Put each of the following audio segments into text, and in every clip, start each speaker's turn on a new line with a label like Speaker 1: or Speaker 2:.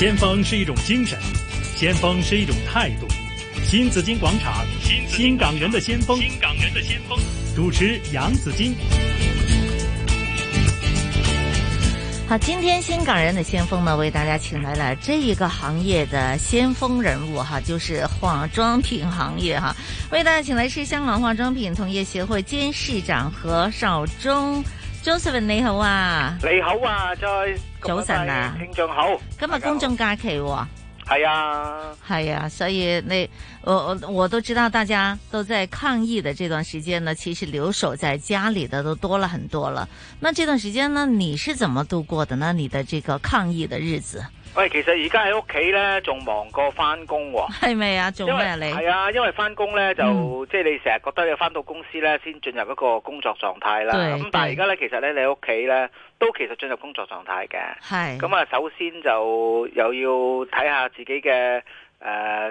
Speaker 1: 先鋒是一種精神，先鋒是一種態度。新紫金廣場，新紫金廣場，新港人的先鋒，新港人的先
Speaker 2: 鋒，主持楊紫金。好，今天新港人的先鋒呢，為大家請來了這一個行業的先鋒人物，哈，就是化妝品行業，哈，為大家請來是香港化妝品同業協會監事長何紹忠，Josephine 你好啊，你好
Speaker 1: 啊，在。早晨啊，聽眾好，
Speaker 2: 今日公眾假期喎，係啊，係啊，所以你我我、呃、我都知道，大家都在抗疫的這段時間呢，其實留守在家裏的都多了很多了。那這段時間呢，你是怎麼度過的呢？你的這個抗疫的日子。
Speaker 1: 喂，其實而家喺屋企咧，仲忙過翻工喎？係咪
Speaker 2: 啊？做咩啊？你係啊，
Speaker 1: 因為翻工咧就即係你成日覺得你翻到公司咧先進入一個工作狀態啦。咁但係而家咧，其實咧你屋企咧都其實進入工作狀態嘅。係。咁啊，首先就又要睇下自己嘅誒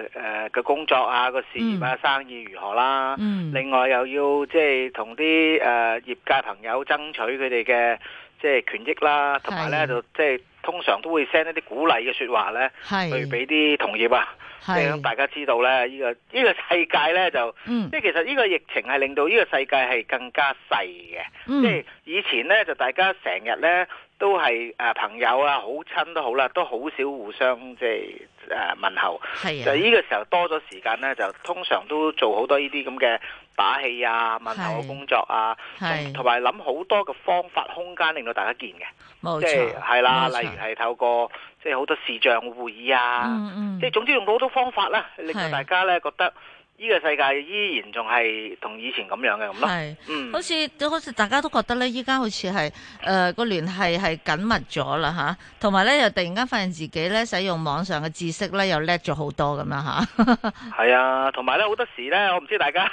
Speaker 1: 誒嘅工作啊，個事業啊，生意如何啦。嗯。另外又要即係同啲誒業界朋友爭取佢哋嘅即係權益啦，同埋咧就即係。通常都會 send 一啲鼓勵嘅説話咧，對是比啲同業啊，
Speaker 3: 令是大
Speaker 1: 家知道咧，依、這個依、這個世界咧就，嗯、即係其實呢個疫情係令到呢個世界係更加細嘅。
Speaker 3: 嗯、即係
Speaker 1: 以前咧就大家成日咧。都係誒朋友啊，好親都好啦，都好少互相即係誒問候。係啊，就呢個時候多咗時間咧，就通常都做好多呢啲咁嘅打氣啊、問候嘅工作啊，同埋諗好多嘅方法空間，令到大家見嘅。
Speaker 3: 即係，係啦，例如
Speaker 1: 係透過即係好多視像會議啊，即係總之用到好多方法啦，令到大家咧覺得。依個世界依然仲係同以前咁樣嘅咁
Speaker 2: 咯，係，嗯，好似好似大家都覺得咧，依家好似係誒個聯繫係緊密咗啦嚇，同埋咧又突然間發現自己咧使用網上嘅知識咧又叻咗好多咁樣嚇，
Speaker 1: 係啊，同埋咧好多時咧，我唔知大家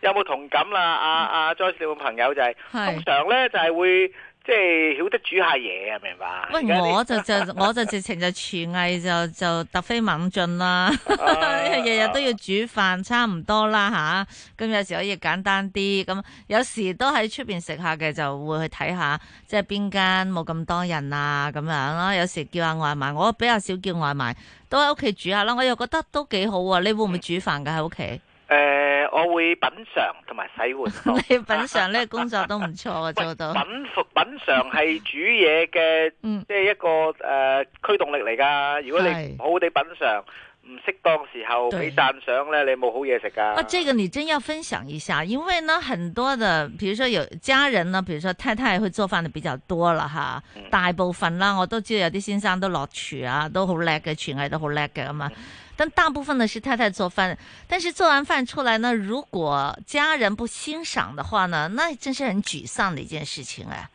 Speaker 1: 有冇同感啦，阿阿紹忠你個朋友就係通常咧就係會。即係曉得煮下嘢啊，
Speaker 2: 明白？喂，我就就 我就直情就廚藝就就突飛猛進啦，日日 都要煮飯差唔多啦吓。咁有時可以簡單啲，咁有時都喺出邊食下嘅，就會去睇下即係邊間冇咁多人啊，咁樣囉。有時叫下外賣，我比較少叫外賣，都喺屋企煮下啦。我又覺得都幾好啊。你會唔會煮飯㗎喺屋企？
Speaker 1: 誒、呃，我會品嘗同埋洗
Speaker 2: 碗。 你品嘗呢個工作都唔錯，啊， 做到。品
Speaker 1: 服品嘗係煮嘢嘅，即係一個誒驅動力嚟噶。如果你好好哋品嘗。唔適當時候俾讚賞咧，對你冇好嘢食噶。啊，這
Speaker 2: 個你真要分享一下，因為呢，很多的，譬如說有家人呢，譬如說太太去做飯就比較多啦，吓。嗯、大部分啦，我都知道有啲先生都落廚啊，都好叻嘅廚藝都好叻嘅咁嘛。嗯、但大部分係太太做飯，但是做完飯出來呢，如果家人不欣賞的話呢，那真是很沮喪的一件事情誒、啊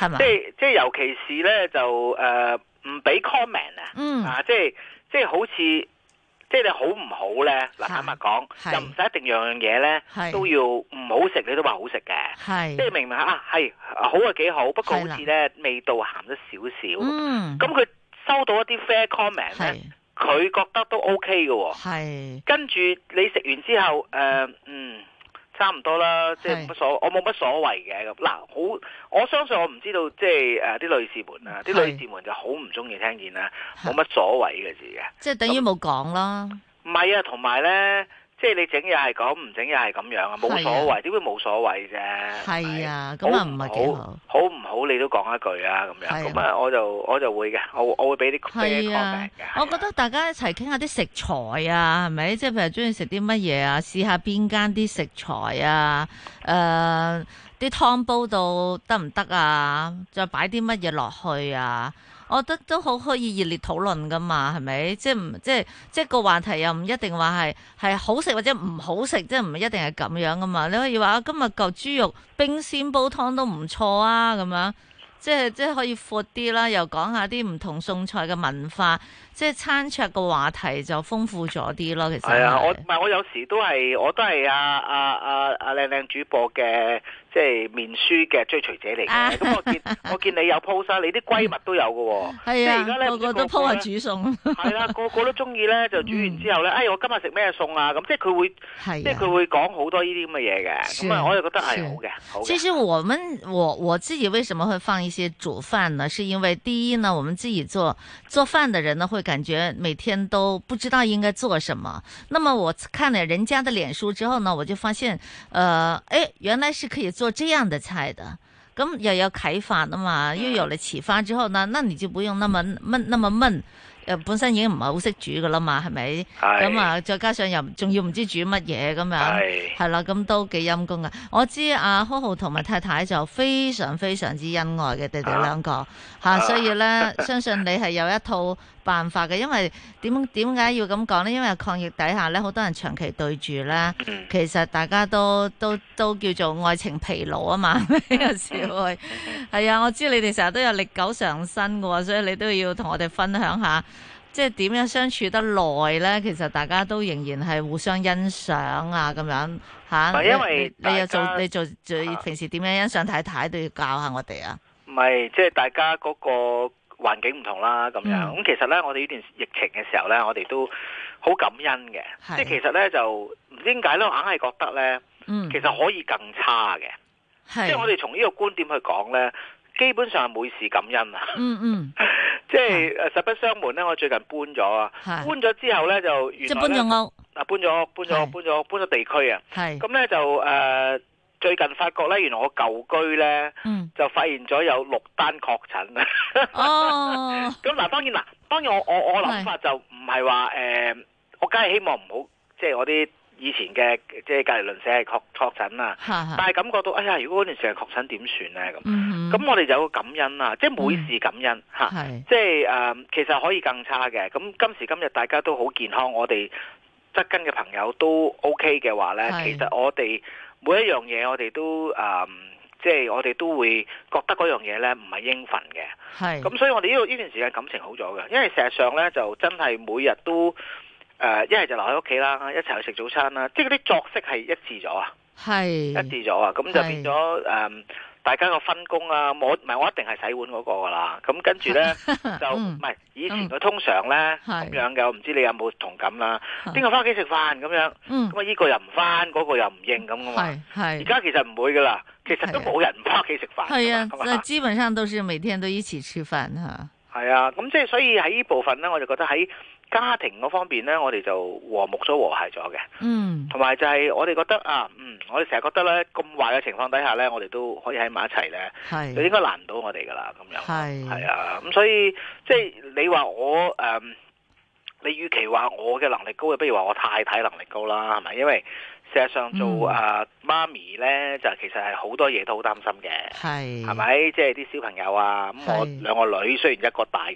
Speaker 2: 嗯嗎。即係
Speaker 1: 即係，尤其是咧，就誒唔俾 comment 啊，嗯啊，啊，即係即係，即即好似。即係你好唔好咧？嗱，坦白講，是又唔使一定樣樣嘢咧是都要唔好食，你都話好食嘅。是即係明白啊，係好啊，幾好，不過好似咧的味道鹹咗少少。咁佢、嗯、收到一啲 fair comment 咧，佢是覺得都 OK 嘅、哦。係是跟住你食完之後，誒、呃、嗯。差唔多啦，是即係冇乜所，我冇乜所謂嘅。咁，嗱，好，我相信我唔知道，即係誒啲女士們啊，啲女士們就好唔中意聽見啦，冇乜所謂嘅事嘅，
Speaker 2: 即係等於冇講咯。
Speaker 1: 唔係啊，同埋咧。即係你整又係咁，唔整又係咁樣啊，冇所謂。點會冇所謂啫？
Speaker 2: 係啊，咁又唔係幾好。
Speaker 1: 好唔好你都講一句啊？咁樣咁啊，我就我就會嘅。我我會俾啲俾啲
Speaker 2: comment 嘅。我覺得大家一齊傾下啲食材啊，係咪？即係譬如中意食啲乜嘢啊？試下邊間啲食材啊？誒、呃，啲湯煲到得唔得啊？再擺啲乜嘢落去啊？我覺得都好可以熱烈討論噶嘛，係咪？即係唔即係即係個話題又唔一定話係係好食或者唔好食，即係唔一定係咁樣噶嘛。你可以話今日嚿豬肉冰鮮煲湯都唔錯啊，咁樣即係即係可以闊啲啦。又講下啲唔同餸菜嘅文化，即係餐桌個話題就豐富咗啲咯。其實係啊、哎，我
Speaker 1: 唔係我有時都係我都係啊啊啊啊靚靚主播嘅。即係面書嘅追隨者嚟嘅。咁、啊、我見我見你有 post 晒，你啲閨蜜都有嘅、哦，嗯、即係而家咧個個都鋪下煮餸，係啦，個、 啊、個都中意咧就煮完之後咧，嗯、哎我今日食咩餸啊？咁即係佢會，啊、即係佢會講好多呢啲咁嘅嘢嘅，咁啊是我又覺得係好嘅，是好的其實
Speaker 2: 我們我我自己為什麼會放一些煮飯呢？是因為第一呢，我們自己做做飯的人呢，會感覺每天都不知道應該做什麼。那麼我看了人家的臉書之後呢，我就發現，呃，哎，原來是可以。做這樣的菜的，咁也要,要開發的嘛。又有了啟發之後呢，那你就不用那麼悶，那麼悶。本身已經唔係好識煮嘅啦嘛，係咪？咁啊，再加上又仲要唔知煮乜嘢咁樣，係啦，咁都幾陰功嘅。我知阿浩浩同埋太太就非常非常之恩愛嘅、啊，哋哋兩個嚇，所以咧，相信你係有一套辦法嘅。因為點點解要咁講呢？因為抗疫底下咧，好多人長期對住咧，其實大家都都都叫做愛情疲勞啊嘛，呢個時會係啊。 我知你哋成日都有歷久常新嘅喎，所以你都要同我哋分享下。即係點樣相處得耐咧？其實大家都仍然係互相欣賞啊，咁樣吓。因為你，你又做你做最平時點樣欣賞太太都要教下我哋啊？
Speaker 1: 唔係、嗯，即係大家嗰個環境唔同啦，咁樣。咁其實咧，我哋呢段疫情嘅時候咧，我哋都好感恩嘅。是即係其實咧，就唔知點解咧，硬係覺得咧，嗯、其實可以更差嘅。是即係我哋從呢個觀點去講咧。基本上係每事感恩啊！嗯嗯，即係誒，實不相瞞咧，我最近搬咗啊，搬咗之後咧就原來即係搬咗屋，啊搬咗搬咗搬咗搬咗地區啊，係咁咧就誒，最近發覺咧，原來我舊居咧就發現咗有六單確診啊！哦，咁嗱，當然嗱，當然我我我諗法就唔係話誒，我梗係希望唔好即係我啲以前嘅即係隔離鄰舍係確確診啊，但係感覺到哎呀，如果嗰陣時係確診點算咧咁。
Speaker 3: 咁我哋就
Speaker 1: 有感恩啦，即係每事感恩嚇、嗯啊，即係誒、呃，其實可以更差嘅。咁今時今日大家都好健康，我哋紮根嘅朋友都 O K 嘅話咧，是其實我哋每一樣嘢我哋都誒、呃，即係我哋都會覺得嗰樣嘢咧唔係應份嘅。
Speaker 3: 係。咁
Speaker 1: 是、啊、所以我哋呢度呢段時間感情好咗嘅，因為事實上咧就真係每日都誒、呃，一係就留喺屋企啦，一齊去食早餐啦，即係嗰啲作息係一致咗啊，
Speaker 3: 是一致
Speaker 1: 咗啊，咁就變咗誒。是嗯大家嘅分工啊，我唔係我一定係洗碗嗰個噶啦，咁、嗯、跟住咧就唔係、 嗯、以前佢通常咧咁、嗯、樣嘅，我唔知你有冇同感啦、啊？邊是個翻屋企食飯咁樣？
Speaker 2: 咁啊依個又唔
Speaker 1: 翻，嗰、嗰個又唔應咁嘅嘛。係
Speaker 2: 而家
Speaker 1: 其實唔會噶啦，其實都冇人唔翻屋企食飯。係啊，咁吧啊，基
Speaker 2: 本上都是每天都一齊食飯
Speaker 1: 嚇。係啊，咁即係所以喺呢部分咧，我就覺得喺。家庭嗰方面呢，我哋就和睦咗、和諧咗嘅。嗯，同埋就係我哋覺得啊，嗯，我哋成日覺得呢，咁壞嘅情況底下呢，我哋都可以喺埋一齊呢，就應該難唔到我哋噶啦。咁
Speaker 3: 樣，係係啊，
Speaker 1: 咁所以即係你話我誒，你與其話我嘅能力高嘅，不如話我太太能力高啦，係咪？因為事實上做誒媽咪呢，就其實係好多嘢都好擔心嘅，
Speaker 3: 係係咪？
Speaker 1: 即係啲小朋友啊，咁我兩個女雖然一個大。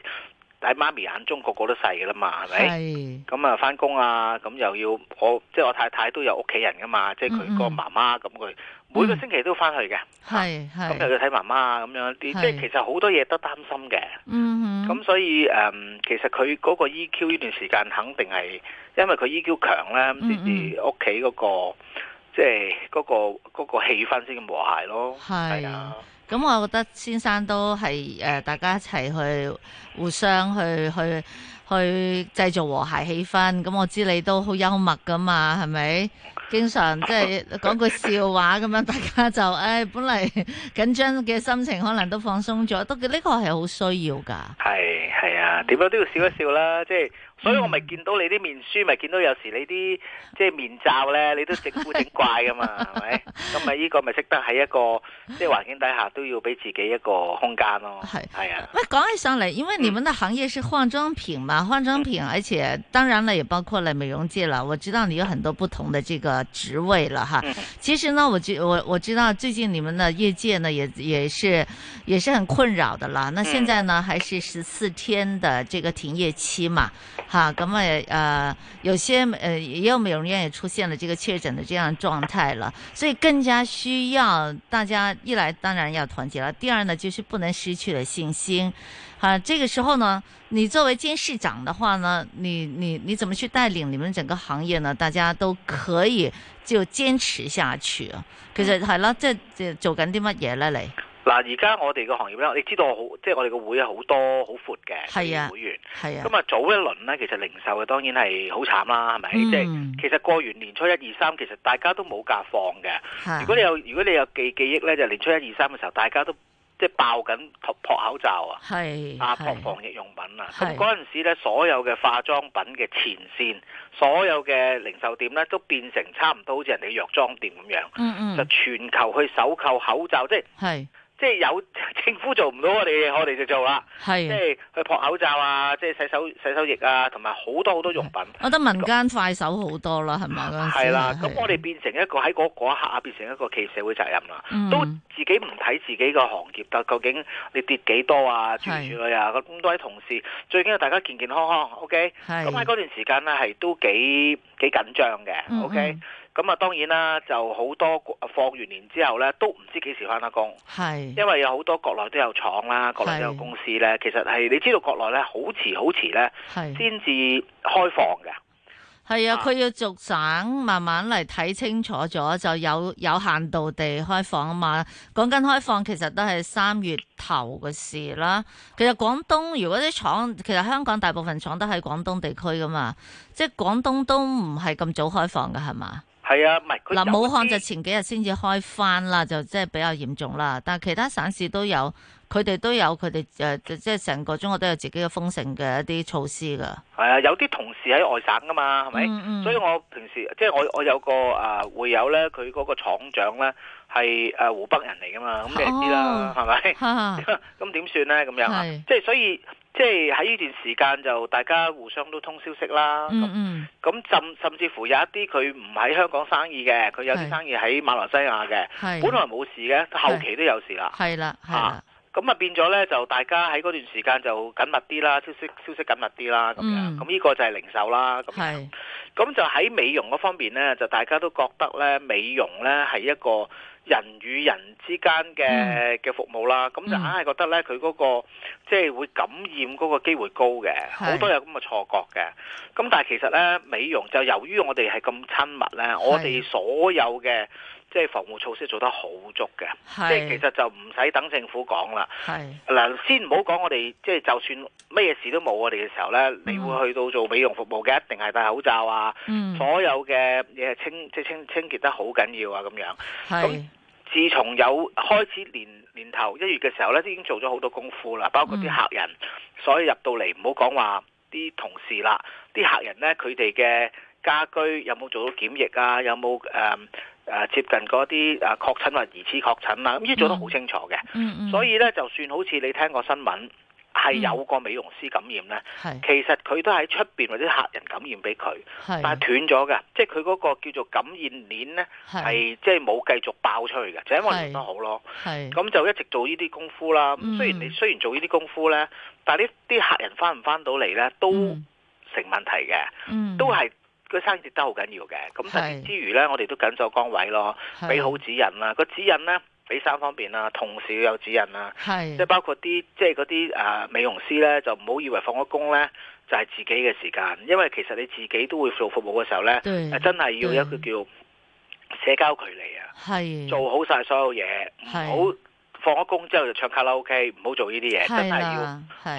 Speaker 1: 喺媽咪眼中個個都細噶啦嘛，係咪是？咁啊，翻工啊，咁又要我，即係我太太都有屋企人噶嘛，即係佢嗰個媽媽咁佢、嗯嗯、每個星期都翻去嘅。
Speaker 3: 係係咁又
Speaker 1: 要睇媽媽咁樣啲，是即係其實好多嘢都擔心嘅。咁、嗯嗯、所以誒、嗯，其實佢嗰個 EQ 呢段時間肯定係，因為佢 EQ 強咧，先至屋企嗰個即係、那、嗰個嗰、那個那個、氣氛先咁和諧咯。
Speaker 2: 係的啊。咁、嗯、我覺得先生都係誒、呃、大家一齊去互相去去去製造和諧氣氛。咁、嗯、我知你都好幽默噶嘛，係咪？經常即係講句笑話咁樣，大家就誒、哎、本嚟緊張嘅心情可能都放鬆咗，都呢、這個係好需要㗎。係係啊。
Speaker 1: 點樣都要笑一笑啦，即係，所以我咪見到你啲面書，咪、嗯、見到有時你啲即係面罩咧，你都整古整怪㗎嘛，係咪？ 咁咪呢個咪識得喺一個即係環境底下都要俾自己一個空間咯。
Speaker 2: 係係是啊。喂，講起上嚟，因為你們嘅行業是化妝品嘛，化妝、嗯、品，而且當然啦，也包括了美容界啦。我知道你有很多不同的這個職位啦，哈。嗯、其實呢，我就我我知道最近你們的業界呢，也是也是也是很困擾的啦。那現在呢，還是十四天的、啊。嗯嗯呃，這個停業期嘛，哈，咁啊，呃，有些呃，也有美容院也出現了這個確診的這樣狀態了，所以更加需要大家一來當然要團結了。第二呢，就是不能失去了信心，啊，這個時候呢，你作為監事長的話呢，你你你怎麼去帶領你們整個行業呢？大家都可以就堅持下去，可是好了，即係即係做緊啲乜嘢咧嚟？
Speaker 1: 嗱，而家我哋個行業咧，你知道好，即係我哋個會有好多好闊嘅會員，係啊。咁啊，早一輪咧，其實零售嘅當然係好慘啦，係咪？即係其實過完年初一二三，其實大家都冇假放嘅。如果你有，如果你有記記憶咧，就年初一二三嘅時候，大家都即係爆緊撲口罩啊，係啊，撲防疫用品啊。咁嗰陣時咧，所有嘅化妝品嘅前線，所有嘅零售店咧，都變成差唔多好似人哋藥妝店咁樣，就全球去搜購口罩，即係。即係有政府做唔到我，我哋我哋就做啦。係的，即係去撲口罩啊，即係洗手洗手液啊，同埋好多好多用品。
Speaker 2: 我覺得民間快手好多啦，係咪？係啦，咁我哋
Speaker 1: 變成一個喺嗰一刻變成一個企業社會責任啦，嗯、都。自己唔睇自己個行業得，究竟你跌幾多啊？住唔住啊？咁是多位同事，最緊要大家健健康康。OK，咁喺嗰段時間呢，係都幾幾緊張嘅。OK，咁啊當然啦，就好多放完年之後呢，都唔知幾時返得工。係是，因為有好多國內都有廠啦，國內都有公司呢。是其實係你知道國內呢，好遲好遲呢，先至開放嘅。
Speaker 2: 係啊，佢要逐省慢慢嚟睇清楚咗，就有有限度地開放啊嘛。講緊開放，其實都係三月頭嘅事啦。其實廣東如果啲廠，其實香港大部分廠都喺廣東地區噶嘛，即係廣東都唔係咁早開放噶係嘛？
Speaker 1: 係啊，唔
Speaker 2: 係嗱，武漢就前幾日先至開翻啦，就即係比較嚴重啦。但係其他省市都有。佢哋都有佢哋誒，即係成個中國都有自己嘅封城嘅一啲措施噶。
Speaker 1: 係啊，有啲同事喺外省噶嘛，係咪？所以我平時即係我我有個啊，會友咧，佢嗰個廠長咧係誒湖北人嚟噶嘛，咁你知啦，係咪？咁點算咧？咁樣，即係所以，即係喺呢段時間就大家互相都通消息啦。咁甚甚至乎有一啲佢唔喺香港生意嘅，佢有啲生意喺馬來西亞嘅，本來冇事嘅，後期都有事啦。
Speaker 2: 係啦，嚇。
Speaker 1: 咁啊變咗咧，就大家喺嗰段時間就緊密啲啦，消息消息緊密啲啦，咁樣、嗯。咁呢個就係零售啦。咁是，咁就喺美容嗰方面咧，就大家都覺得咧，美容咧係一個人與人之間嘅嘅、嗯、服務啦。咁就硬係覺得咧，佢嗰、嗯嗰個即係、即係、會感染嗰個機會高嘅，好是多有咁嘅錯覺嘅。咁但係其實咧，美容就由於我哋係咁親密咧，是我哋所有嘅。即係防護措施做得好足嘅，是即係其實就唔使等政府講啦。係嗱是，先唔好講我哋，即係就算乜嘢事都冇我哋嘅時候咧，嗯、你會去到做美容服務嘅，一定係戴口罩啊，嗯、所有嘅嘢清即係清，清清潔得好緊要啊咁樣。咁是自從有開始年年頭一月嘅時候咧，都已經做咗好多功夫啦，包括啲客人，嗯、所以入到嚟唔好講話啲同事啦，啲客人咧佢哋嘅家居有冇做到檢疫啊？有冇誒？嗯誒、啊、接近嗰啲誒確診或者疑似確診啦、啊，咁呢做得好清楚嘅，嗯嗯嗯、所以咧就算好似你聽個新聞係有個美容師感染咧，嗯、其實佢都喺出邊或者客人感染俾佢，
Speaker 3: 是但係斷咗
Speaker 1: 嘅，即係佢嗰個叫做感染鏈咧係是即係冇繼續爆出去嘅，就是、因為你都好咯，咁就一直做呢啲功夫啦。嗯、雖然你雖然做呢啲功夫咧，但係呢啲客人翻唔翻到嚟咧都成問題嘅，都係、嗯。都個生意得好緊要嘅，咁之餘咧，是我哋都緊咗崗位咯，俾是好指引啦、啊。個指引咧，俾三方面啦、啊，同時要有指引啦、啊，即係是包括啲即係嗰啲誒美容師咧，就唔好以為放咗工咧就係、是、自己嘅時間，因為其實你自己都會做服務嘅時候咧對、啊，真係要一個叫社交距離
Speaker 3: 啊，對是做
Speaker 1: 好晒所有嘢，唔好。放咗工之後就唱卡拉 OK，唔好做呢啲嘢，啊、真係
Speaker 2: 要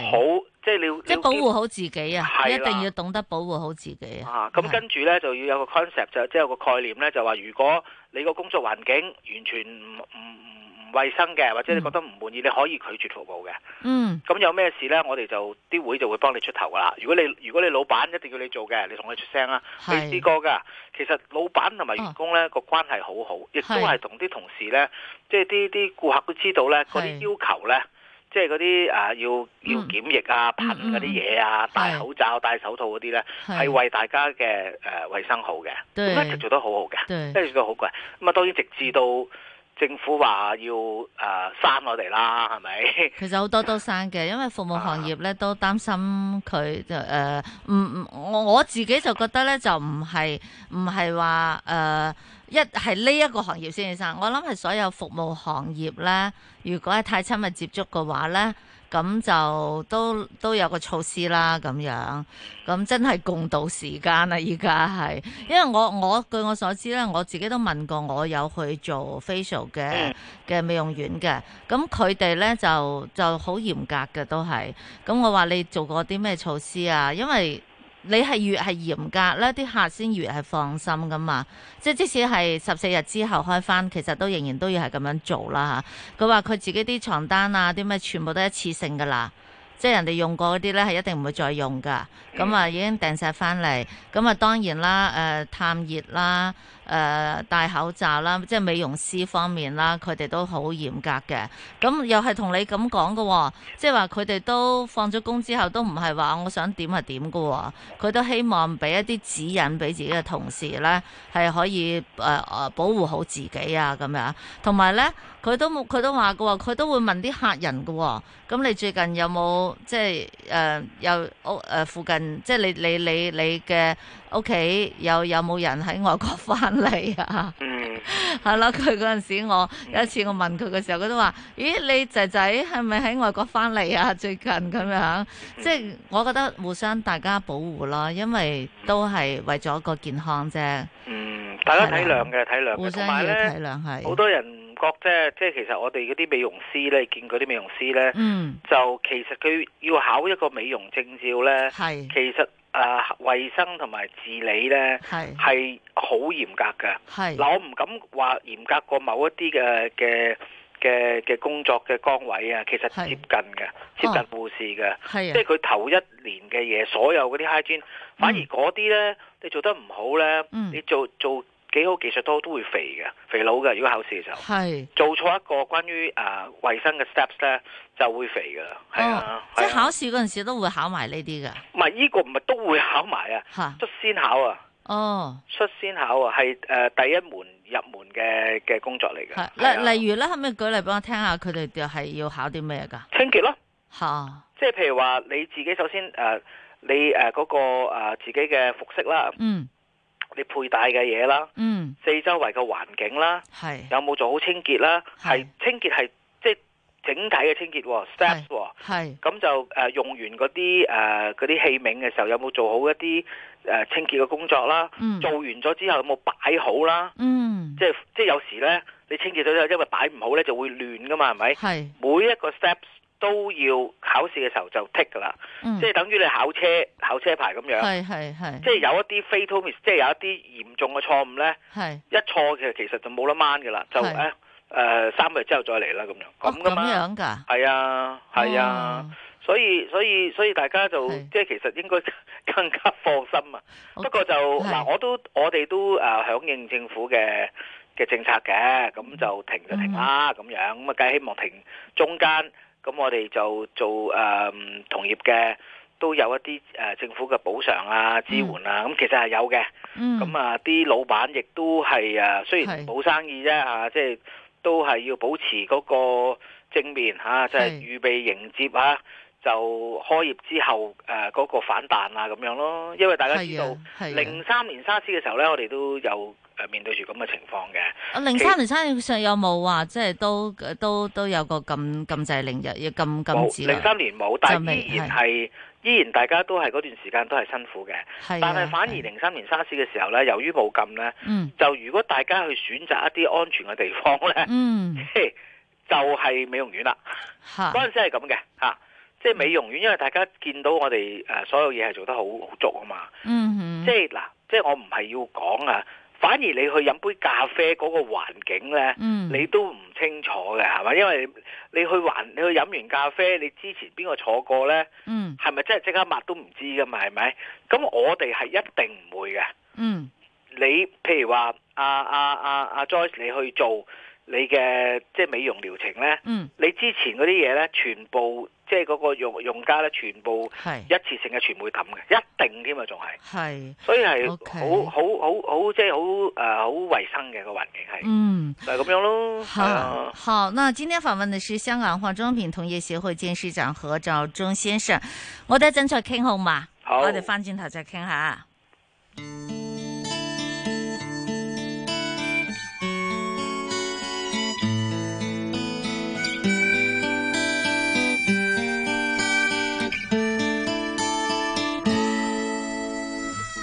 Speaker 2: 好，
Speaker 1: 即係、啊、你要即係保護好自
Speaker 2: 己啊！啊一定要懂得保護好自己啊！咁跟
Speaker 1: 住咧就要有個 concept 就即係有個概念咧，就話、是、如果你個工作環境完全唔唔唔，嗯衛生嘅，或者你覺得唔滿意，你可以拒絕服務嘅。嗯。咁有咩事呢？我哋就啲會就會幫你出頭噶啦。如果你如果你老闆一定要你做嘅，你同佢出聲啦。去試過噶，其實老闆同埋員工呢個關係好好，亦都係同啲同事呢，即係啲啲顧客都知道呢，嗰啲要求呢，即係嗰啲誒要要檢疫啊、噴嗰啲嘢啊、戴口罩、戴手套嗰啲呢，係為大家嘅誒衛生好嘅，咁一直做得好好嘅，跟住就好貴。咁啊，當然直至到。政府話要誒、呃、刪我哋啦，係咪？其
Speaker 2: 實好多都刪嘅，因為服務行業咧都擔心佢就誒，唔、呃、唔，我我自己就覺得咧就唔係唔係話誒一係呢一個行業先至刪，我諗係所有服務行業咧，如果係太親密接觸嘅話咧。咁就都都有個措施啦，咁樣咁真係共度時間啦！依家係，因為我我據我所知咧，我自己都問過我有去做 facial 嘅嘅美容院嘅，咁佢哋咧就就好嚴格嘅都係。咁我話你做過啲咩措施啊？因為你係越係嚴格咧，啲客先越係放心噶嘛。即係即使係十四日之後開翻，其實都仍然都要係咁樣做啦嚇。佢話佢自己啲床單啊，啲咩全部都係一次性噶啦。即係人哋用過嗰啲咧，係一定唔會再用噶。咁啊，已經訂晒翻嚟。咁啊，當然啦，誒、呃、探熱啦。誒、呃、戴口罩啦，即係美容師方面啦，佢哋都好嚴格嘅。咁、嗯、又係同你咁講嘅，即係話佢哋都放咗工之後都唔係話我想點係點嘅。佢都希望俾一啲指引俾自己嘅同事咧，係可以誒誒、呃、保護好自己啊咁樣。同埋咧，佢都冇佢都話嘅，佢都會問啲客人嘅、哦。咁、嗯、你最近有冇即係誒、呃、有屋誒、呃、附近？即係你你你你嘅屋企有有冇人喺外國返？嚟啊！係啦，佢嗰陣時，我有一次我問佢嘅時候，佢都話：咦，你仔仔係咪喺外國返嚟啊？最近咁樣，即係我覺得互相大家保護囉，因為都係為咗個健康啫。嗯，
Speaker 1: 大家體諒嘅，體諒嘅。同埋
Speaker 2: 咧，好多
Speaker 1: 人唔覺啫，即係其實我哋嗰啲美容師咧，見嗰啲美容師咧，就其實佢要考一個美容證照咧，其實。啊，衛生同埋治理咧，係係好嚴格嘅。係嗱是、呃，我唔敢話嚴格過某一啲嘅嘅嘅嘅工作嘅崗位啊，其實接近嘅，是接近護士嘅。係、啊啊、即係佢頭一年嘅嘢，所有嗰啲 high turn，反而嗰啲咧，嗯、你做得唔好咧，嗯、你做做。做幾好技術都都會肥嘅，肥佬嘅。如果考試嘅時候，係做錯一個關於誒衛生嘅 steps 咧，就會肥嘅啦。
Speaker 2: 係啊，即係考試嗰陣時都會考埋呢啲嘅。
Speaker 1: 唔係呢個唔係都會考埋啊，出先考啊。哦，出先考啊，係誒第一門入門嘅嘅工作嚟嘅。係，例例如
Speaker 2: 咧，係咪舉例俾我聽下？佢哋又係要考啲咩噶？清潔咯。吓，即
Speaker 1: 係譬如話你自己首先誒，你誒嗰個誒自己嘅服飾啦。嗯。你佩戴嘅嘢啦，嗯，四周圍嘅環境啦，係是有冇做好清潔啦？係是清潔係即係整體嘅清潔，steps，係咁就誒、呃、用完嗰啲誒啲器皿嘅時候有冇做好一啲誒、呃、清潔嘅工作啦？嗯，做完咗之後有冇擺好啦？嗯，即係即係有時咧你清潔咗之後因為擺唔好咧就會亂噶嘛係咪？係每一個 steps。都要考試嘅時候就剔㗎啦，
Speaker 3: 即係等於
Speaker 1: 你考車考車牌咁樣，係
Speaker 3: 係係，即係有
Speaker 1: 一啲 fatal mistake 即係有一啲嚴重嘅錯誤咧，
Speaker 3: 係
Speaker 1: 一錯嘅其實就冇得掹㗎啦，就誒誒三日之後再嚟啦咁樣，咁嘅咩？咁樣㗎？係啊係啊，所以所以所以大家就即係其實應該更加放心啊。不過就嗱，我都我哋都誒響應政府嘅嘅政策嘅，咁就停就停啦咁樣，咁啊梗係希望停中間。咁我哋就做誒同業嘅，都有一啲誒政府嘅補償啊、支援啊，咁、嗯、其實係有嘅。
Speaker 3: 咁啊、嗯，
Speaker 1: 啲老闆亦都係啊，雖然冇生意啫嚇，即係是、啊就係、都係要保持嗰個正面嚇、啊，就係、是、預備迎接是啊。就開業之後，誒、呃、嗰、那個反彈啊，咁樣咯，因為大家知道零三年沙士嘅時候呢，我哋都有誒面對住咁嘅情況嘅。
Speaker 2: 啊，零三、啊、年沙士有冇話即係都都都有個禁禁制令日要禁禁零三年冇，但係依然
Speaker 1: 係依然大家都係嗰段時間都係辛苦嘅。啊、但係反而零三年沙士嘅時候呢，由於冇禁呢，啊、就如果大家去選擇一啲安全嘅地方呢，嗯、 就係美容院啦。
Speaker 3: 嗰陣
Speaker 1: 時係咁嘅嚇。即係美容院，因為大家見到我哋誒所有嘢係做得好好足啊嘛。嗯哼即，即係嗱，即係我唔係要講啊，反而你去飲杯咖啡嗰個環境咧，嗯、你都唔清楚嘅係咪？因為你去還你去飲完咖啡，你之前邊個坐過咧、嗯？嗯，係咪真係即刻抹都唔知㗎嘛？係咪？咁我哋係一定唔會嘅。嗯，你譬如話阿阿阿 Joyce 你去做。啊啊啊啊啊啊啊啊你嘅即係美容療程咧，嗯、你之前嗰啲嘢咧，全部即係嗰個用用家咧，全部係一次性嘅全部會抌嘅，一定添啊仲係，係是所以係 okay. 好好好好即係好誒好衛生嘅個環境係，就咁樣咯。好，
Speaker 2: 好，嗱，今天訪問嘅是香港化妝品同業協會監事長何紹忠先生，我哋一陣再傾好嘛，好,好，我哋翻轉頭再傾下。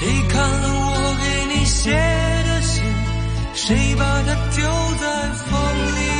Speaker 4: 誰看了我給你寫的信？誰把它丟在風裏？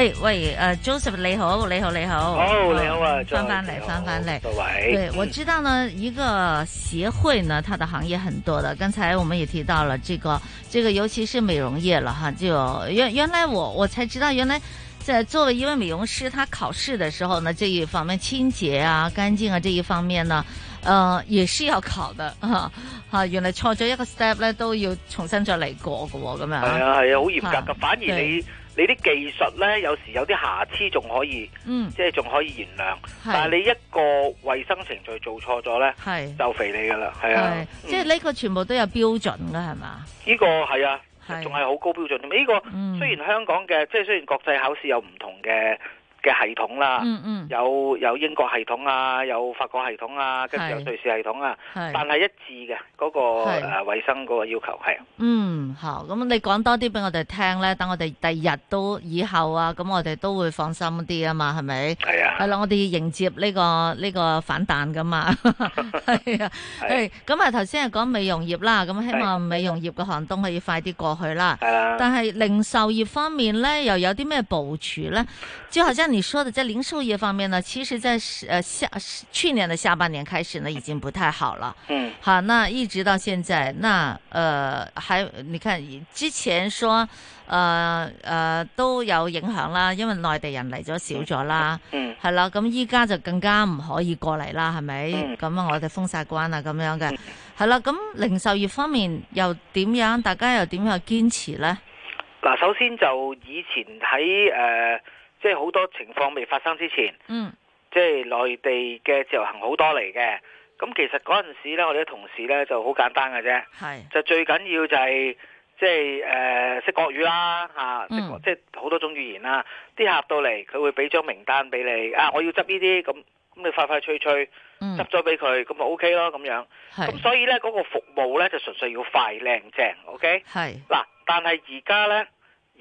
Speaker 2: 誒喂，誒、呃、Joseph 你好，你好你好，哦、oh，你好啊，翻翻嚟翻翻嚟好，各位對，對、嗯、我知道呢一個協會呢，它的行業很多的。剛才我們也提到了這個，這個尤其是美容業了哈。就原原來我我才知道，原來在作為一位美容師，他考試的時候呢，這一方面清潔啊、乾淨啊這一方面呢，呃也是要考的啊。啊原來錯咗一個 step 呢，都要重新再嚟過噶，咁樣係啊係啊，好、啊、嚴格噶，反而你對。你啲
Speaker 1: 技術呢，有時有啲瑕疵仲可以，嗯、即係仲可以原諒。是但係你一個衛生程序做錯咗呢，是就肥你噶啦，係啊。是嗯、即
Speaker 2: 係呢個全部都有標準噶，係嘛？呢、呢個
Speaker 1: 係啊，仲係好高標準。呢、呢、依個、嗯、雖然香港嘅，即係雖然國際考試有唔同嘅嘅系統啦，嗯嗯、有有英國系統啊，有法國系統啊，跟住是有瑞士系統啊，是但係一致嘅嗰、那個誒衞生嗰個要求係。是
Speaker 2: 是嗯，好，咁你講多啲俾我哋聽咧，等我哋第二日都以後啊，咁我哋都會放心啲啊嘛，係咪？係啊。係啦、啊，我哋要迎接呢、這個呢、這個反彈噶嘛。係 啊，係是。咁啊，頭先係講美容業啦，咁希望美容業嘅寒冬可以快啲過去啦。係啦、啊。但係零售業方面咧，又有啲咩部署咧？之後真你說的在零售業方面呢，其實，在下，下去年的下半年開始呢，已經不太好了。嗯，好、啊，那一直到現在，那，呃，喺你看之前說，呃，呃，都有影響啦，因為內地人嚟咗少咗啦。嗯，係啦，咁依家就更加唔可以過嚟啦，係咪？咁啊，我哋封晒關啊，咁樣嘅，係啦。咁零售業方面又點樣？大家又點樣，樣堅持呢？
Speaker 1: 嗱，首先就以前喺誒。呃即係好多情況未發生之前，即係內地嘅自由行好多嚟嘅。咁其實嗰陣時咧，我哋啲同事咧就好簡單嘅啫，就最緊要就係即係誒識國語啦嚇，即係好多種語言啦。啲客到嚟，佢會俾張名單俾你啊，我要執呢啲，咁咁你快快脆脆執咗俾佢，咁咪 O K 咯咁樣。咁所以咧嗰個服務咧就純粹要快靚正，O K。係嗱，但係而家咧，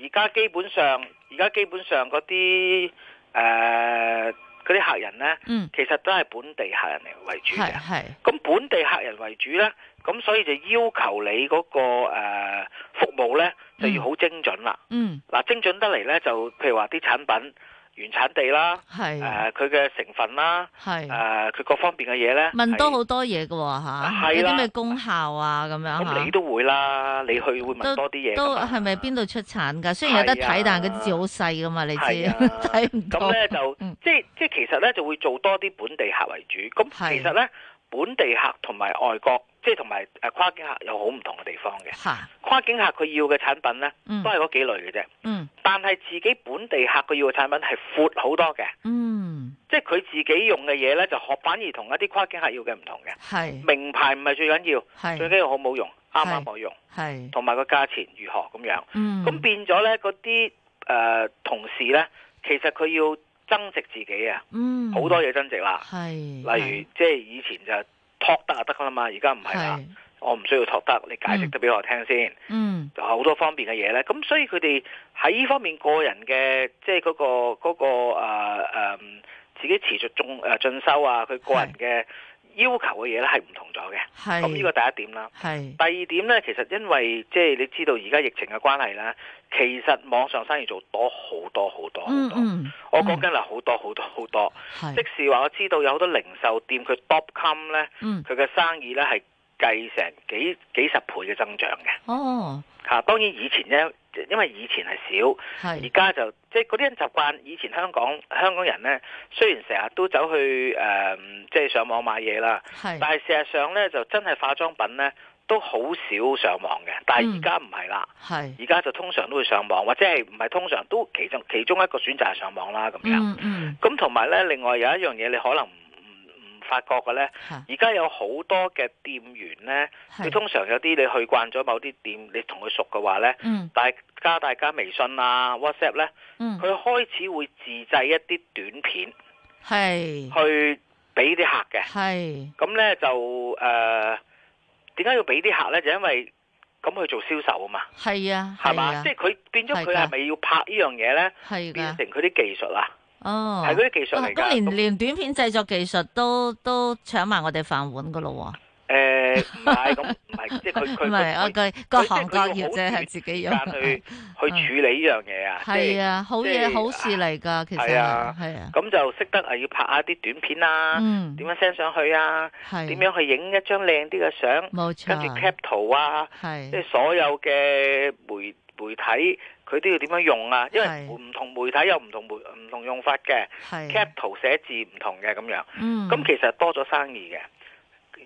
Speaker 1: 而家基本上。而家基本上嗰啲誒嗰啲客人咧，嗯，其實都係本地客人嚟為主
Speaker 3: 嘅。係咁
Speaker 1: 本地客人為主咧，咁所以就要求你嗰個誒服務咧，就要好精準啦。嗯。嗱，精準得嚟咧，就譬如話啲產品。原產地啦，誒佢嘅成分啦，誒佢、啊呃、各方面嘅嘢咧，問多好
Speaker 2: 多嘢㗎吓，有啲咩功效啊咁樣，咁你都
Speaker 1: 會啦，你去會問多啲嘢。都係
Speaker 2: 咪邊度出產㗎？啊、雖然有得睇，但係啲字好細㗎嘛，你知睇唔到？咁咧
Speaker 1: 就即係即係其實咧就會做多啲本地客為主。咁其實咧本地客同埋外國。即係同埋誒跨境客有好唔同嘅地方嘅，跨境客佢要嘅產品咧，都係嗰幾類嘅啫。嗯，但係自己本地客佢要嘅產品係闊好多嘅。嗯，即係佢自己用嘅嘢咧，就學反而同一啲跨境客要嘅唔同嘅。
Speaker 3: 係名
Speaker 1: 牌唔係最緊要，係最緊要好唔好用，啱唔啱我用？係同埋個價錢如何咁樣？嗯，咁變咗咧嗰啲誒同事咧，其實佢要增值自己啊，好多嘢增值啦。
Speaker 3: 係，
Speaker 1: 例如即係以前就。托得就得㗎啦嘛，而家唔係啦，是我唔需要托得，你解釋得俾我聽先。嗯，好多方面嘅嘢咧，咁所以佢哋喺呢方面個人嘅，即係嗰個嗰個啊誒呃呃，自己持續進誒進修啊，佢個人嘅。要求嘅嘢咧係唔同咗嘅，咁呢個第一點啦。是第二點咧，其實因為即係你知道而家疫情嘅關係咧，其實網上生意做多好多好多好多，嗯嗯、我講緊係好多好多好多，多。是是即使話我知道有好多零售店佢 drop down 咧，佢嘅生意咧係。嗯計成幾幾十倍嘅增長嘅，哦吓，當然以前咧，因為以前係少，
Speaker 3: 而家是
Speaker 1: 就即係嗰啲人習慣以前香港香港人咧，雖然成日都走去誒，即、呃、係、就是、上網買嘢啦，是但係事實上咧就真係化妝品咧都好少上網嘅，但係而家唔係啦，係而家就通常都會上網，或者係唔係通常都其中其中一個選擇係上網啦，咁
Speaker 3: 樣嗯，嗯咁
Speaker 1: 同埋咧，嗯、呢另外另外有一樣嘢你可能。發覺嘅咧，而家有好多嘅店員咧，佢的通常有啲你去慣咗某啲店，你同佢熟嘅話咧，嗯、但係加大家微信啊 WhatsApp 咧，佢、嗯、開始會自製一啲短片，
Speaker 3: 係的
Speaker 1: 去俾啲客嘅，係咁咧就誒點解要俾啲客咧？就因為咁去做銷售啊嘛，
Speaker 2: 係啊，係嘛？即係佢
Speaker 1: 變咗佢係咪要拍呢樣嘢咧？係變成佢啲技術啊？的哦，係嗰啲技術嚟嘅，咁
Speaker 2: 連短片製作技術都都搶埋我哋飯碗㗎咯喎。誒，唔係咁，唔係即係佢佢佢韓國業者係自己用。佢
Speaker 1: 佢處理呢樣嘢啊。係啊，好嘢好事
Speaker 2: 嚟㗎，其實係啊，係啊。
Speaker 1: 咁就識得啊，要拍下啲短片啊，點樣 send 上去啊，點樣去影一張靚啲嘅相，
Speaker 2: 跟住 cap
Speaker 1: 圖啊，
Speaker 4: 即係
Speaker 1: 所有嘅媒媒體。佢都要點樣用啊？因為唔同媒體有唔同媒，唔同用法嘅，cap 圖寫字唔同嘅咁樣。咁、嗯、其實多咗生意嘅。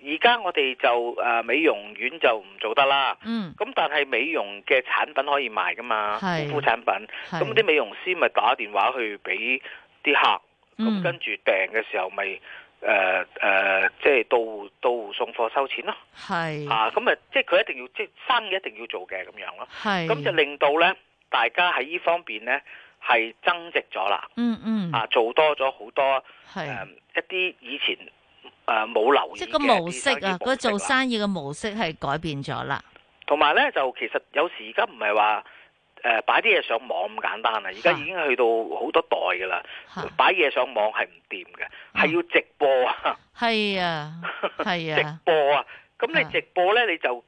Speaker 1: 而家我哋就誒、呃、美容院就唔做得啦。咁、嗯、但係美容嘅產品可以賣噶嘛？護是膚產品。咁啲是美容師咪打電話去俾啲客，
Speaker 3: 咁、嗯、跟
Speaker 1: 住訂嘅時候咪誒誒，即、呃、係、呃呃呃即係、到到送貨收錢咯。係啊，咁咪即係佢一定要即係生意一定要做嘅咁樣咯。咁就令到咧。大家喺呢方面呢，係增值咗啦，嗯嗯，啊做多咗好多，係是、呃、一啲以前誒冇流，呃、留意即係個模式啊，個做
Speaker 2: 生意嘅模式係改變咗啦。
Speaker 1: 同埋呢，就其實有時而家唔係話誒擺啲嘢上網咁簡單啦，而家已經去到好多代噶啦，擺嘢是上網係唔掂嘅，係要直播。係啊，
Speaker 2: 係啊，直
Speaker 1: 播啊，咁、啊啊啊 啊、你直播呢，你就。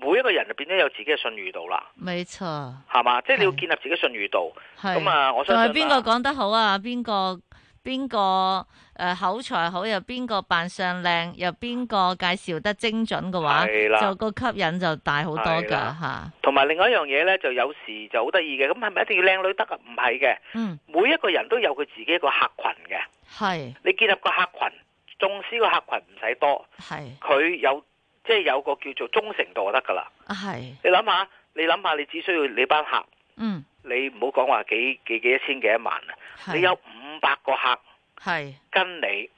Speaker 1: 每一個人就變咗有自己嘅信譽度啦，
Speaker 2: 冇錯錯，
Speaker 1: 係嘛？即係你要建立自己信譽度，
Speaker 2: 咁啊，我想係邊個講得好啊？邊個邊個誒口才好，又邊個扮相靚，又邊個介紹得精準嘅話，啦就個吸引就大好多㗎吓。
Speaker 1: 同埋啦是另外一樣嘢呢，就有時就好得意嘅，咁係咪一定要靚女得啊？唔係嘅，嗯、每一個人都有佢自己一個客群嘅，
Speaker 3: 係是
Speaker 1: 你建立個客群，重視個客群唔使多，係佢是是有。即係有個叫做忠誠度就得㗎啦，
Speaker 3: 係是你諗
Speaker 1: 下，你諗下，你只需要你班客，嗯，你唔好講話幾幾幾一千幾一萬啊，是你有五百個客，係跟你是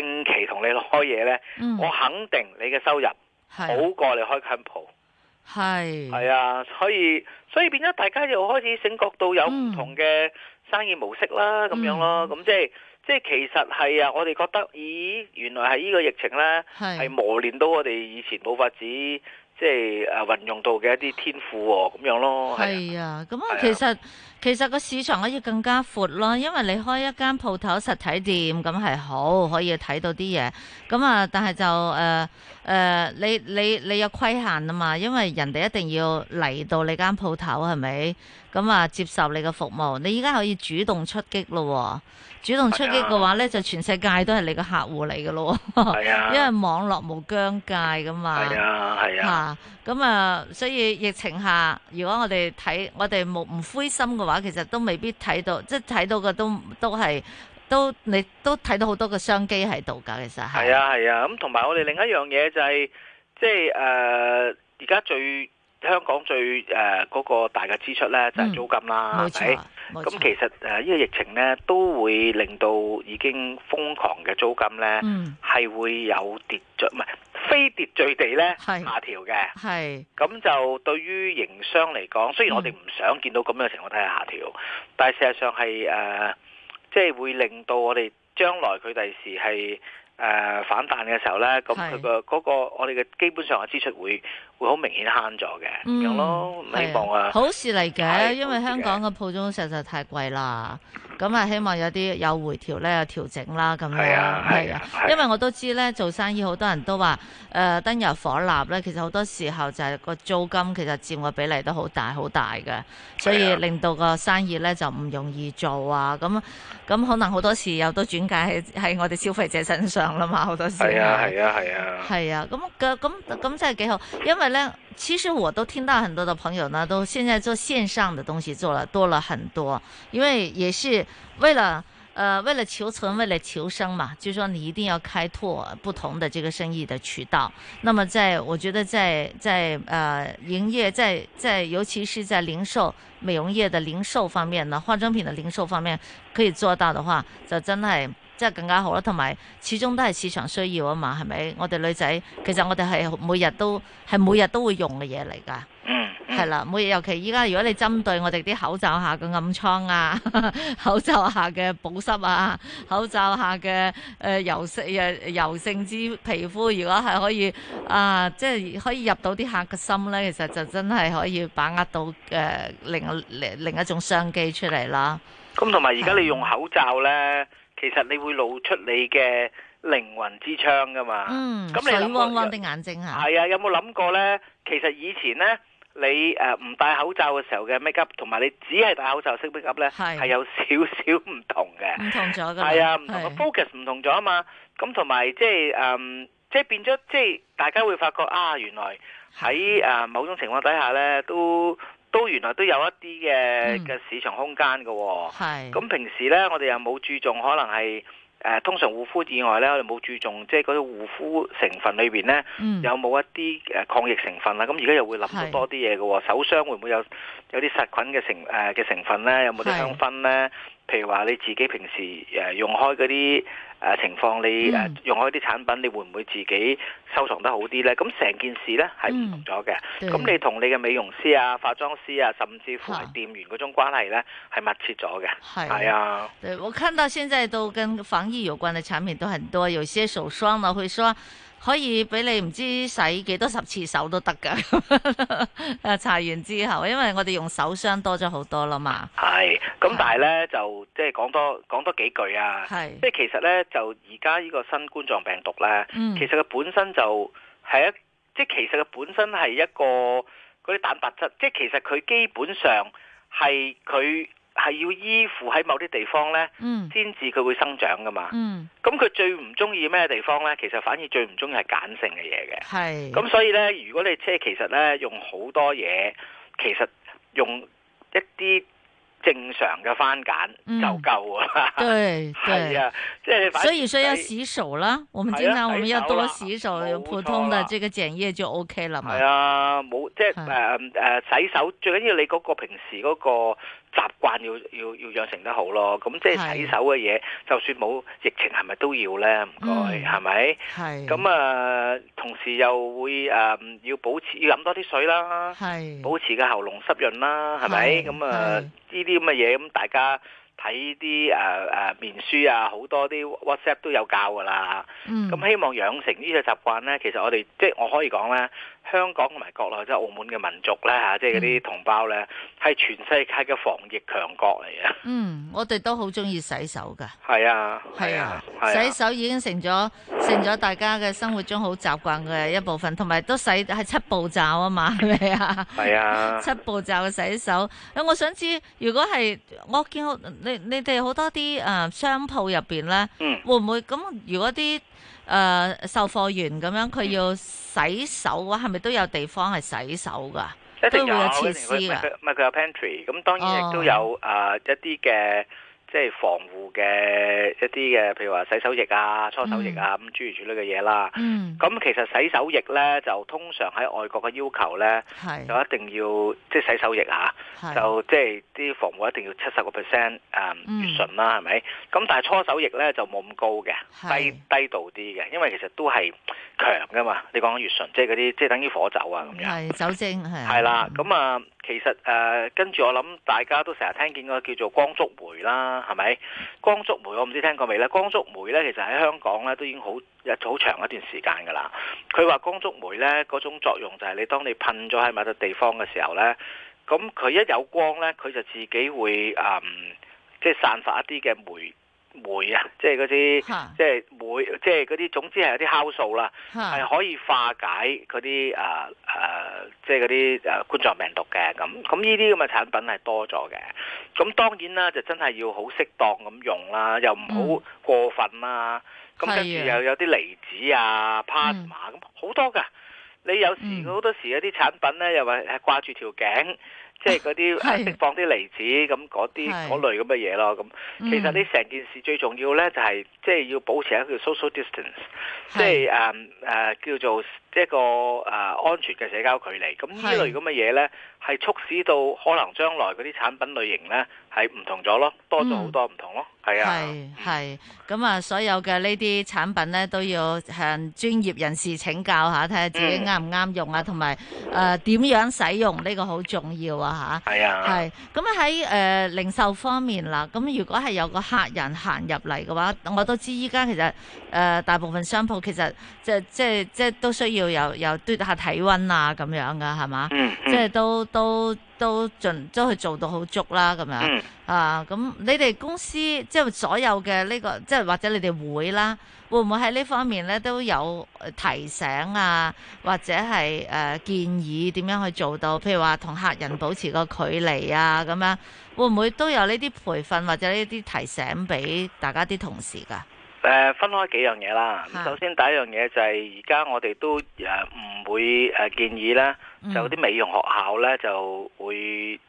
Speaker 1: 定期同你開嘢咧，嗯、我肯定你嘅收入好過你開 counter，係係啊，啊，所以所以，所以變咗大家又開始醒覺到有唔同嘅生意模式啦，咁、嗯、樣咯，咁即係。即係其實係啊！我哋覺得，咦，原來係呢個疫情咧，係、啊、磨練到我哋以前冇法子即係、啊、誒運用到嘅一啲天賦喎、哦，咁樣咯。係
Speaker 2: 啊，咁啊、嗯其，其實其實個市場可以更加闊咯，因為你開一間鋪頭實體店咁係好可以睇到啲嘢咁啊，但係就誒誒、呃呃，你你你有規限啊嘛，因為人哋一定要嚟到你間鋪頭係咪咁啊，接受你嘅服務。你而家可以主動出擊咯。主動出擊嘅話呢，啊、就全世界都係你個客戶嚟嘅咯。係啊， 因為網絡無疆界噶嘛。係啊，係啊。咁啊，所以疫情下，如果我哋睇，我哋冇唔灰心嘅話，其實都未必睇到，即係睇到嘅都都係都你都睇到好多嘅商機喺度㗎。其實係啊，係
Speaker 1: 啊。咁同埋我哋另一樣嘢就係、係，即係誒而家最香港最誒嗰、呃嗰個大嘅支出呢，就係、係、租金啦。嗯是，冇錯。咁、嗯、其實誒呢個疫情咧，都會令到已經瘋狂嘅租金咧，係、嗯、會有秩序，唔係非秩序地咧是 下調嘅。係咁是 就對於營商嚟講，雖然我哋唔想見到咁樣嘅情況底下下調，嗯、但係事實上係誒，即、呃、係、就是、會令到我哋將來佢第時係。誒、呃、反彈嘅時候咧，咁佢是、個嗰個我哋嘅基本上嘅支出會會好明顯慳咗嘅，
Speaker 2: 咁、嗯、咯，希望啊，好事嚟嘅，哎、因為香港嘅鋪租實在太貴啦。咁啊，希望有啲有回調咧，有調整啦咁樣。係啊，係啊，因為我都知咧，做生意好多人都話，誒燈油火蠟咧，其實好多時候就係、是、個租金其實佔個比例都好大好大嘅，所以令到個生意咧就唔容易做啊。咁咁可能好多時又都轉介喺喺我哋消費者身上啦嘛，好多時。係啊，係啊，係啊。係啊，咁咁咁真係幾好，因為咧，其實我都聽到很多的朋友呢，都現在做線上的東西做了多了很多，因為也是。為了，呃，為了求存，為了求生嘛，就說你一定要開拓不同的這個生意的渠道。那麼在，在我覺得在，在在，呃，營業，在在，尤其是在零售美容業的零售方面呢，化妝品的零售方面可以做到的話，就真係真係更加好啦。同埋始終都係市場需要啊嘛，係咪？我哋女仔其實我哋係每日都係每日都會用嘅嘢嚟㗎。嗯。係、嗯、啦，冇尤其依家，如果你針對我哋啲口罩下嘅暗瘡啊，口罩下嘅保濕啊，口罩下嘅誒油性誒油性之皮膚，如果係可以啊，即、就、係、是、可以入到啲客嘅心咧，其實就真係可以把握到誒另一另一一種商機出嚟啦。
Speaker 1: 咁同埋而家你用口罩咧，其實你會露出你嘅靈魂之窗噶嘛。嗯。咁你諗過？水
Speaker 2: 汪汪的眼睛啊！係
Speaker 1: 啊，有冇諗過咧？其實以前咧。你誒唔，呃、戴口罩嘅時候嘅 make up，同埋你只係戴口罩識 make up 咧，係有少少唔同嘅。唔同咗㗎。係啊，唔同嘅是 focus 唔同咗啊嘛。咁同埋即係誒，即係變咗，即係大家會發覺啊，原來喺誒、呃、某種情況底下咧，都都原來都有一啲嘅嘅市場空間嘅，哦。係是。咁平時咧，我哋又冇注重，可能係。誒通常護膚以外咧，我哋冇注重即係嗰啲護膚成分裏邊咧，嗯、有冇一啲誒抗疫成分啦？咁而家又會諗到多啲嘢嘅喎，是的 手霜會唔會有有啲殺菌嘅成誒嘅、呃、成分咧？有冇啲香薰咧？是的 譬如話你自己平時誒用開嗰啲。誒、呃、情況，你誒、呃、用開啲產品，你會唔會自己收藏得好啲呢？咁成件事呢係唔同咗嘅。咁、嗯、你同你嘅美容師啊、化妝師啊，甚至乎係店員嗰種關係呢，係、啊、密切咗
Speaker 2: 嘅。係、啊，啊。我看到現在都跟防疫有關嘅產品都很多，有些手霜呢會說，可以俾你唔知洗幾多十次手都得噶，誒，搽完之後，因為我哋用手霜多咗好多啦嘛。係，
Speaker 1: 咁但係咧就即係講多講多幾句啊。係是，即係其實咧就而家呢個新冠狀病毒咧，嗯、其實佢本身就係、是、一，即係其實佢本身係一個嗰啲蛋白質，即係其實佢基本上係佢。係要依附喺某啲地方咧，先至佢會生長噶嘛。咁佢最唔中意咩地方咧？其實反而最唔中意係鹼性嘅嘢嘅。咁所以咧，如果你即係其實咧用好多嘢，其實用一啲正常嘅番
Speaker 2: 梘就夠啊。對對啊，即係。所以說要洗手啦，我們經常我們要多洗手，用普通的這個梘液就 OK 啦嘛。係啊，冇
Speaker 1: 即係誒誒，洗手最緊要你嗰個平時嗰個。習慣要要要養成得好咯，咁即係洗手嘅嘢，是就算冇疫情係咪都要咧？唔該，係咪？咁啊，同時又會誒、呃、要保持要飲多啲水啦，是保持個喉嚨濕潤啦，係咪？咁啊呢啲咁嘅嘢，咁、呃、是大家睇啲誒誒面書啊，好多啲 WhatsApp 都有教㗎啦。咁希望養成呢個習慣咧，其實我哋即係我可以講咧。香港同埋國內即係澳門嘅民族咧嚇，即係嗰啲同胞咧，係、嗯、全世界嘅防疫強國嚟嘅。嗯，
Speaker 2: 我哋都好中意洗手㗎。係啊，係啊，啊啊洗手已經成咗成咗大家嘅生活中好習慣嘅一部分，同埋都洗係七步驟啊嘛，係 咪啊？係啊，七步驟嘅洗手。咁我想知，如果係我見你你哋好多啲啊商鋪入邊咧，嗯、會唔會咁？如果啲誒售貨員咁樣，佢要洗手啊，話、嗯，係咪都有地方係洗手㗎？一定有都會有設施㗎。
Speaker 1: 唔係佢有，有 pantry，咁當然亦都有誒、oh. 呃、一啲嘅。即係防護嘅一啲嘅，譬如話洗手液啊、搓手液啊，咁諸如此類嘅嘢啦。嗯。咁其實洗手液咧就通常喺外國嘅要求咧，係就一定要即係洗手液啊，就即係啲防護一定要七十個 percent 誒乙醇啦，係咪？咁但係搓手液咧就冇咁高嘅，低低度啲嘅，因為其實都係強噶嘛。你講緊乙醇即係嗰啲即係等於火酒啊咁樣。係酒
Speaker 2: 精係。係
Speaker 1: 啦，咁啊。其實誒、呃，跟住我諗，大家都成日聽見個叫做光觸媒啦，係咪？光觸媒我唔知聽過未咧？光觸媒咧，其實喺香港咧都已經好一好長一段時間㗎啦。佢話光觸媒咧嗰種作用就係你當你噴咗喺某笪地方嘅時候咧，咁佢一有光咧，佢就自己會誒、嗯，即係散發一啲嘅酶。鎂啊，即係嗰啲，哈即係酶，即係嗰啲，總之係有啲酵素啦，係哈可以化解嗰啲啊啊，即係嗰啲啊冠狀病毒嘅咁，咁呢啲咁嘅產品係多咗嘅。咁當然啦，就真係要好適當咁用啦，又唔好過分啦。咁跟住又的有啲離子啊、pH a 咁好多噶。你有時好、嗯、多時有啲產品咧，又話掛住條頸。即係嗰啲誒釋放啲離子，咁嗰啲嗰類咁嘅嘢咯。咁其實呢成件事最重要咧，就係、是、即係要保持一個 social distance，< 是的 S 1> 即係誒誒叫做。即係個誒安全嘅社交距離，咁呢類咁嘅嘢咧，係促使到可能將來嗰啲產品類型咧，係唔同咗咯，多咗好多唔同咯，係、嗯、啊，係
Speaker 2: 係咁啊，所有嘅呢啲產品咧都要向專業人士請教下，睇下自己啱唔啱用啊，同埋誒點樣使用呢、這個好重要啊吓，係啊，係咁啊，喺誒零售方面啦，咁如果係有個客人行入嚟嘅話，我都知依家其實誒、呃、大部分商鋪其實即係即係即係都需要。要又又嘟下體溫啊咁樣噶係嘛？即係都都都盡都去做到好足啦咁樣啊！咁你哋公司即係所有嘅呢個，即係或者你哋會啦，會唔會喺呢方面咧都有提醒啊？或者係誒、呃、建議點樣去做到？譬如話同客人保持個距離啊咁樣會唔會都有呢啲培訓或者呢啲提醒俾大家啲同事噶？
Speaker 1: 誒、呃、分開幾樣嘢啦，首先第一樣嘢就係而家我哋都誒唔、呃、會誒、呃、建議啦。就啲美容學校咧，就會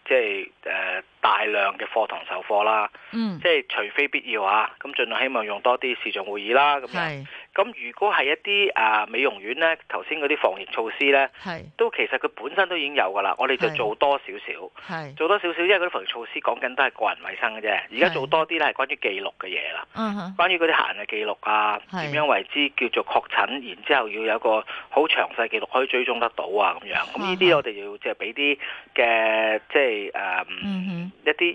Speaker 1: 即係誒、呃、大量嘅課堂授課啦。嗯，即係除非必要啊，咁盡量希望用多啲視像會議啦。咁樣是，咁如果係一啲啊、呃、美容院咧，頭先嗰啲防疫措施咧，係是都其實佢本身都已經有㗎啦。我哋就做多少少，
Speaker 3: 係是做
Speaker 1: 多少少，因為嗰啲防疫措施講緊都係個人衞生嘅啫。而家做多啲咧係關於記錄嘅嘢啦，嗯
Speaker 3: 哼是，
Speaker 1: 關於嗰啲客人嘅記錄啊，點是樣為之叫做確診，然之後要有個好詳細記錄可以追蹤得到啊咁樣。呢啲我哋要即係俾啲嘅即係誒一啲一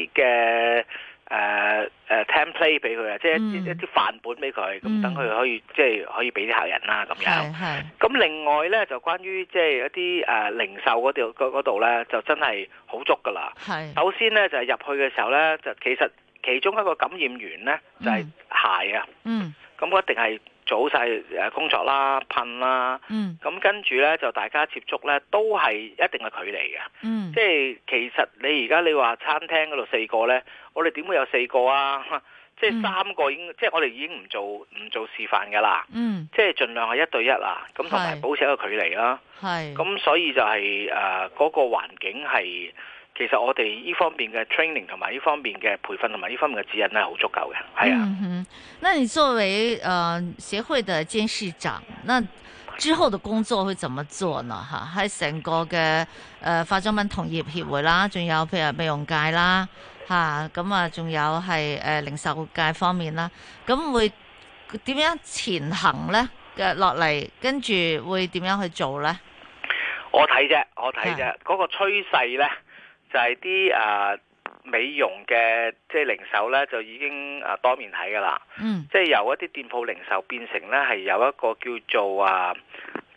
Speaker 1: 一啲嘅誒誒 template 俾佢啊，即係、嗯嗯、一啲一啲範本俾佢，咁等佢可以、嗯、即係可以俾啲客人啦咁樣。係。咁另外咧就關於即係一啲誒、呃、零售嗰度咧，就真係好足㗎啦。係是。首先咧就係、是、入去嘅時候咧，就其實其中一個感染源咧就係、是、鞋啊、
Speaker 3: 嗯。
Speaker 1: 嗯。咁一定係。做曬誒工作啦，噴啦，嗯，咁跟住咧就大家接觸咧都係一定嘅距離嘅，嗯，即係其實你而家你話餐廳嗰度四個咧，我哋點會有四個啊？即係三個已經，嗯，即係我哋已經唔做唔做示範噶啦，
Speaker 3: 嗯，即
Speaker 1: 係盡量係一對一啦，咁同埋保持一個距離啦，
Speaker 3: 係，咁
Speaker 1: 所以就係誒嗰個環境係。其實我哋呢方面嘅 training 同埋呢方面嘅培訓同埋呢方面嘅指引咧，好足夠嘅。係啊，嗯哼、嗯。
Speaker 2: 那你作為誒協、呃、會嘅監事長，那之後嘅工作會怎麼做呢？吓，喺成個嘅誒化妝品同業協會啦，仲有譬如美容界啦，吓咁啊，仲有係誒、呃、零售界方面啦，咁會點樣前行呢？嘅落嚟跟住會點樣去做呢？
Speaker 1: 我睇啫，我睇啫，嗰、啊、個趨勢呢。就係啲誒美容嘅即係零售咧，就已經誒、呃、多面睇噶啦。嗯，
Speaker 3: 即係由一
Speaker 1: 啲店鋪零售變成咧，係有一個叫做啊，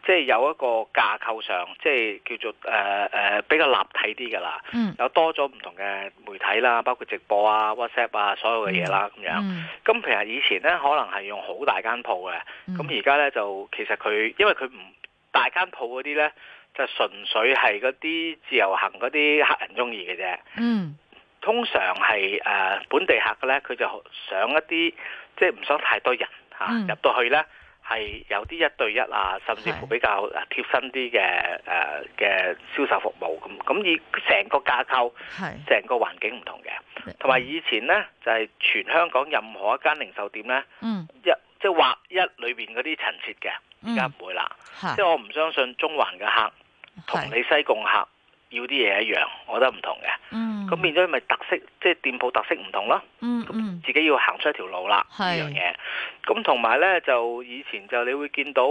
Speaker 1: 即、就、係、是、有一個架構上，即、就、係、是、叫做誒誒、呃呃、比較立體啲噶啦。嗯，mm. 有多咗唔同嘅媒體啦，包括直播啊、WhatsApp 啊，所有嘅嘢啦咁樣。咁其實以前咧，可能係用好大間鋪嘅。咁而家咧就其實佢因為佢唔大間鋪嗰啲咧，就純粹係嗰啲自由行嗰啲客人中意嘅啫。嗯，通常係誒本地客嘅咧，佢就想一啲即係唔想太多人嚇入到去咧，係有啲一對一啊，甚至乎比較誒貼身啲嘅誒嘅銷售服務咁。咁以成個架構
Speaker 3: 係
Speaker 1: 成是 個環境唔同嘅，同埋以前咧就係、是、全香港任何一間零售店咧，嗯、一即係劃一裏邊嗰啲陳設嘅，而家唔會啦。即係我唔相信中環嘅客，同你西貢客要啲嘢一樣，我覺得唔同嘅。嗯，咁變咗咪特色，即係店鋪特色唔同咯。
Speaker 3: 嗯，咁自
Speaker 1: 己要行出一條路啦。係，呢樣嘢，咁同埋咧就以前就你會見到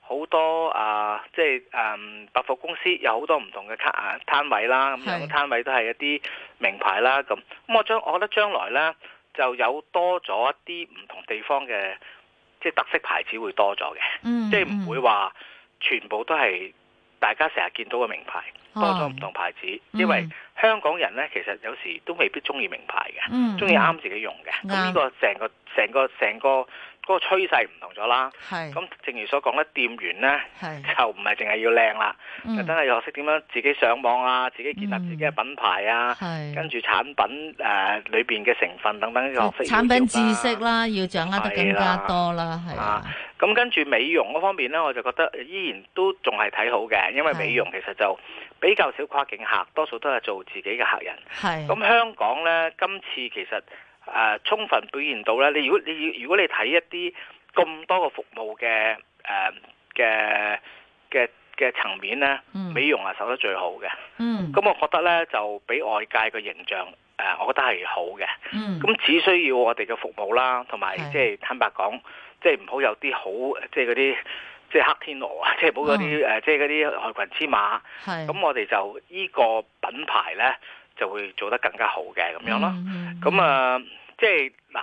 Speaker 1: 好多啊，即係誒百貨公司有好多唔同嘅卡啊攤位啦，咁兩個攤位都係一啲名牌啦。咁咁我將我覺得將來咧就有多咗一啲唔同地方嘅即係特色牌子會多咗嘅，即係唔會話全部都係。大家成日見到個名牌多咗唔同牌子，因為香港人咧其實有時都未必中意名牌嘅，中意啱自己用嘅。咁呢個，嗯，成個、成個、成個。嗰個趨勢唔同咗啦，咁是正如所講咧，店員咧就唔係淨係要靚啦，就真係是要學識點樣自己上網啊，是自己建立自己嘅品牌啊，是跟住產品誒裏邊嘅成分等等學識。產品知
Speaker 2: 識啦，要掌握得更加多啦，係、啊。
Speaker 1: 咁、啊啊、跟住美容嗰方面咧，我就覺得依然都仲係睇好嘅，因為美容其實就比較少跨境客，多數都係做自己嘅客人。係是。咁香港咧，今次其實。誒、呃、充分表現到啦！你如果你如果你睇一啲咁多個服務嘅誒嘅嘅嘅層面咧，嗯、美容係守得最好嘅。嗯，咁、嗯、我覺得咧就俾外界嘅形象誒、呃，我覺得係好嘅。嗯，咁只需要我哋嘅服務啦，同埋即係坦白講，即係唔好有啲好即係嗰啲即係黑天鵝、就是嗯、啊，即係冇嗰啲誒即係嗰啲害群之馬。咁是是我哋就依個品牌咧。就會做得更加好嘅咁樣咯，咁啊、嗯嗯呃，即係嗱，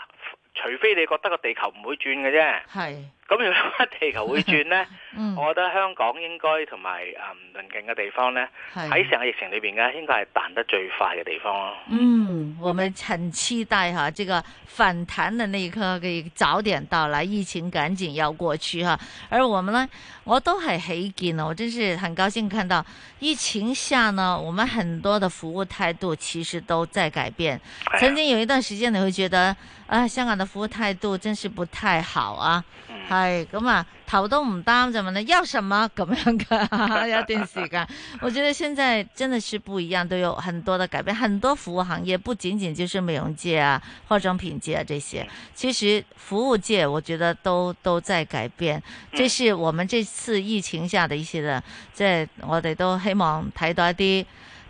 Speaker 1: 除非你覺得個地球唔會轉嘅啫，係。咁如果地球會轉呢？ 嗯、我覺得香港應該同埋唔鄰近嘅地方呢，
Speaker 2: 喺成是個
Speaker 1: 疫情裏邊嘅應該係彈得最快嘅地方咯。嗯，
Speaker 2: 我們很期待哈，這個反彈的那一刻可以早點到來，疫情趕緊要過去哈。而我們呢，我都係起見咯，我真是很高興看到疫情下呢，我們很多的服務態度其實都在改變。哎、呀曾經有一段時間，你會覺得啊，香港的服務態度真是不太好啊。係咁啊，頭、哎、都唔擔就問你要什麼咁樣噶？有段時間， 我覺得現在真的是不一樣，都有很多的改變。很多服務行業，不僅僅就是美容界啊、化妝品界啊這些，其實服務界我覺得都都在改變。這是我們這次疫情下的一些的，即係我哋都希望睇到一啲。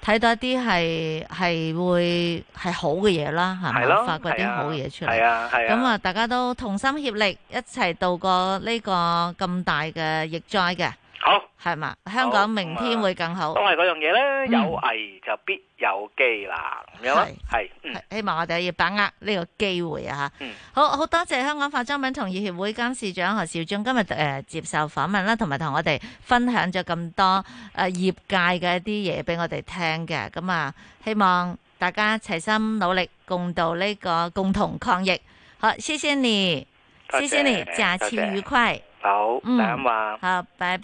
Speaker 2: 睇到一啲係係會係好嘅嘢啦，係嘛？咯發掘啲好嘢出嚟。咁啊，啊啊大家都同心協力，一齊度過呢個咁大嘅疫災嘅。好係嘛？香港明天會更好，都係嗰樣
Speaker 1: 嘢咧。有危就必有機啦，係係，
Speaker 2: 希望我哋要把握呢個機會啊！吓，好好多謝香港化妝品同業協會監事長何紹忠今日誒接受訪問啦，同埋同我哋分享咗咁多誒業界嘅一啲嘢俾我哋聽嘅。咁啊，希望大家齊心努力，共度呢個共同抗疫。好，謝謝你，
Speaker 1: 謝謝你，下次愉
Speaker 2: 快。好，嗯，好，拜拜。